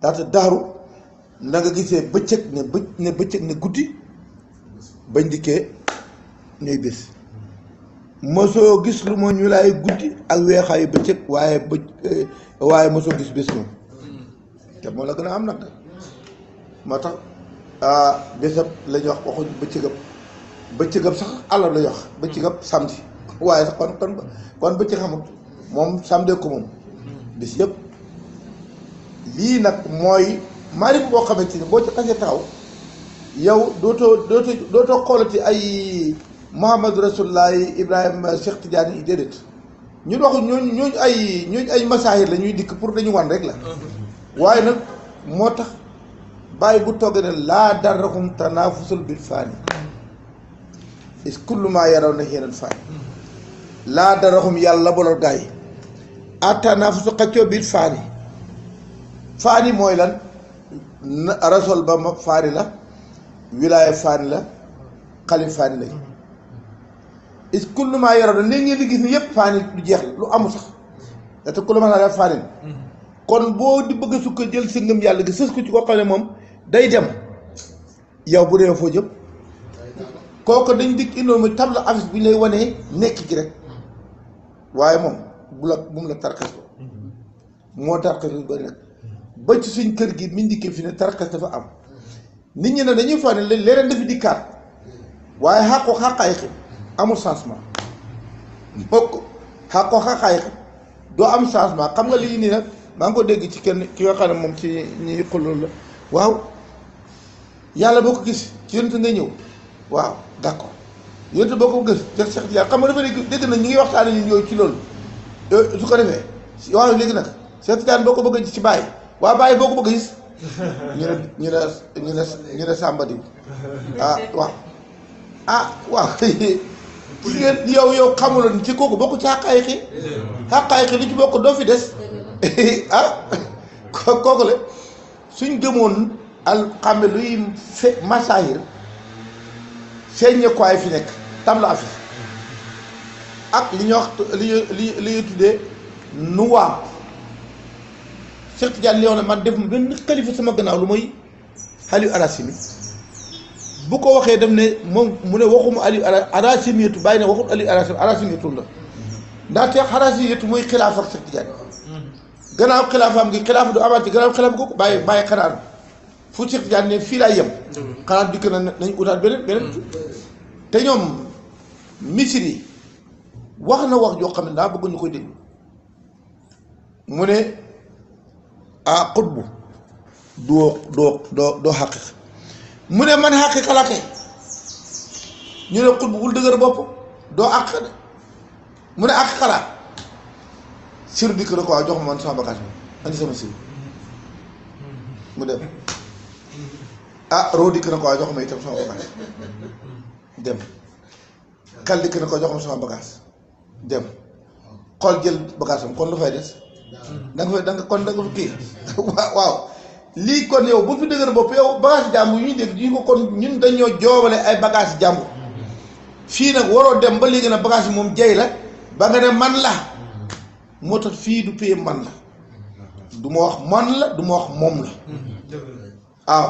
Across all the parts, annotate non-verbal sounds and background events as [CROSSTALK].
daata daaru na nga gisee bëccëg ne bë ne bëccëg ne guddi bañ dikkee ñuy bés mosoo gis lu ma ñu laay guddi ak weexaayu bëccëg waaye bëcc eh, waaye mosoo gis bés moom te moo la gën a am nag moo tax ah, bésab la lañuy wax waxuñ bëccëgam bëccëgam sax àllam la ñuy wax bëccëgam samedi [LAUGHS] waaye kon kon kon bëccëg xamut moom samedi ko moom bis yëpp bii nag mooy marib boo xamante ni boo ci xasee taxaw yow dootoo dootoo dootoo xoolati ay Mouhamadou Rasulullah Ibrahima Cheikh Tidiane yi déedéet ñun waxu ñooñu ñooñu ay ñooñu ay masaahir la ñuy dikk pour dañu wan rek la waaye nag moo tax bàyyi bu toggee ne laa darrahum tanaafusul bil faani is kullu maa yaraw na xéenal faani laa darrahum yàlla bolol gaa yi a tanaafusu xaccoo bil faani faani mooy lan rasol ba ma faani la wilaaya faani la xalif faani lañ is kullu maa yoroon ne ngeen di gis ni yëpp faani lu jeex lu amul sax da te kullu maa la faani kon boo di bëgg su ko jël si ngëm yàlla gi sës ko ci koo xam ne day dem yow bu kooku dañ dikk indoo mi tab la affiche bi lay wanee nekk ci rek waaye moom bu la bu mu la tarxas moo tarxas lu bëri nag ba ci suñ kër gi mi ndikkee fi ne tarxas dafa am nit ñi ne dañuy foog ne leneen dafa dikkaat waaye xàqu xàqaay xi amul changement mbokk xàqu xàqaay xi doo am changement xam nga lii nii nag maa ngi ci kenn ki nga xam moom ci ñuy xulul la waaw yàlla boo ko gis ci yonent nga ñëw waaw d'accord yonent boo ko gis jël xam nga dafa dégg dégg na ñu ngi waxtaanee ñun yooyu ci loolu euh, su ko defee waaw léegi nag Cheikh Diagne boo ko bëgg ci bàyyi waa bàyyi foo ko bëgg gis ñu ne ñu ne ñu ne ñu diw ah waaw ah waaw [LAUGHS] yow yow xamuloon ci kooku bokk ci xàqaay xi xàqaay xi li ci bokk doo fi des [LAUGHS] ah kooku le suñ gëmoon al xàmme luy seen ñëkkuwaay fi nekk tam la ak li ñuy wax li li li ñuy tuddee nuwaab Cheikh Tidiane li wax ne man def mu benn xalifa sama gannaaw lu mooy Aliou Arachimi bu ko waxee dem ne moom mu ne waxuma Aliou Arachimi yetu bàyyi ne waxut Aliou Arachimi Arachimi yetul la ndaxte Arachimi yetu mooy xilaaf ak Cheikh Tidiane gannaaw xilaafaam gi xilaaf du amaat ci gannaaw xilaaf googu bàyyi bàyyi xanaan fu Cheikh Tidiane ne fii laay yem xanaan dikk na nañ utaat beneen beneen te ñoom misir yi wax na wax joo xam ne daa bëgg ñu koy déglu mu ne ah xutbu doo doo doo doo xaqiq mu ne man xaqiqa la kay ñu ne xutbu bul dëgër bopp doo àq de mu ne àq xalaat sir dikk rek waaw jox ma man sama bagage moom andi dem ah dikk rek waaw jox jox ma sama bagage dem xool jël bagage am kon lu des da nga fa da kon da nga fa kii [LAUGHS] waaw lii kon yow bu fi dëgër bopp yow bagage jàmbur yu ñu dégg ñu ko kon ñun dañoo joobale ay bagage jàmbur fii nag waroo dem ba léegi nag bagage bi moom jay la ba nga ne man la moo tax fii du paye man la du ma wax man la du ma wax moom la waaw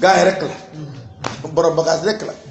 gars yi rek la borom bagage rek la